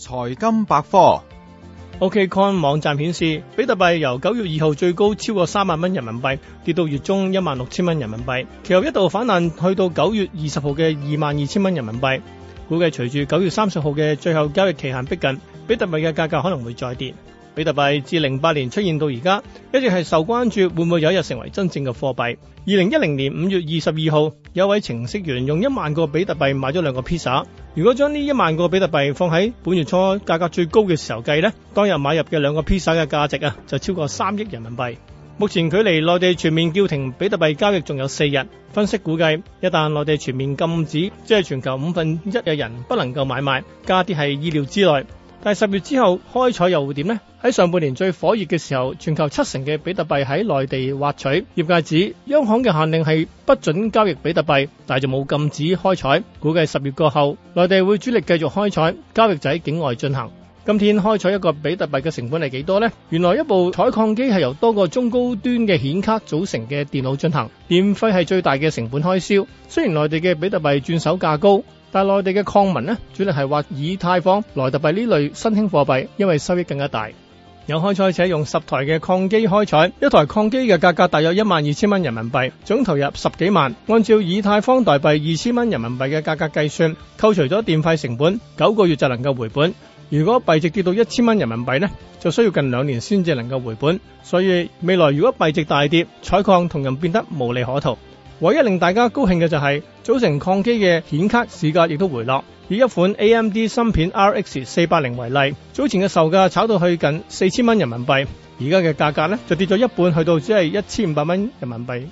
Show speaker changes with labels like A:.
A: 財金百科。OKCoin 網站顯示，比特幣由九月二號最高超過三萬蚊人民幣，跌到月中一萬六千蚊人民幣，其後一度反彈去到九月二十號嘅二萬二千蚊人民幣，估計隨住九月三十號嘅最後交易期限逼近，比特幣嘅價格可能會再跌。比特幣自零八年出現到而家，一直係受關注，會唔會有一日成為真正嘅貨幣？二零一零年五月二十二號，有位程式員用一萬個比特幣買咗兩個披薩。如果將呢一萬個比特幣放喺本月初價格最高嘅時候計呢，當日買入嘅兩個披薩嘅價值啊，就超過三億人民幣。目前距離內地全面叫停比特幣交易仲有四日，分析估計，一旦內地全面禁止，即係全球五分一嘅人不能夠買賣，跌啲係意料之內。但係十月之後開採又會點呢？喺上半年最火熱嘅時候，全球七成嘅比特幣喺內地挖取。業界指央行嘅限令係不准交易比特幣，但係就冇禁止開採。估計十月過後，內地會主力繼續開採，交易就喺境外進行。今天開採一個比特幣嘅成本係幾多呢？原來一部採礦機係由多個中高端嘅顯卡組成嘅電腦進行，電費係最大嘅成本開銷。雖然內地嘅比特幣轉手價高。但內地嘅礦民呢，主力係挖以太坊、萊特幣呢類新興貨幣，因為收益更加大。有開採者用十台嘅礦機開採，一台礦機嘅價格大約一萬二千蚊人民幣，總投入十幾萬。按照以太坊代幣二千蚊人民幣嘅價格計算，扣除咗電費成本，九個月就能夠回本。如果幣值跌到一千蚊人民幣呢，就需要近兩年先至能夠回本。所以未來如果幣值大跌，採礦同樣變得無利可圖。唯一令大家高興嘅就係、是、組成礦機嘅顯卡市價亦都回落，以一款 AMD 芯片 RX 四百零為例，早前嘅售價炒到去近四千蚊人民幣，而家嘅價格咧就跌咗一半，去到只係一千五百蚊人民幣。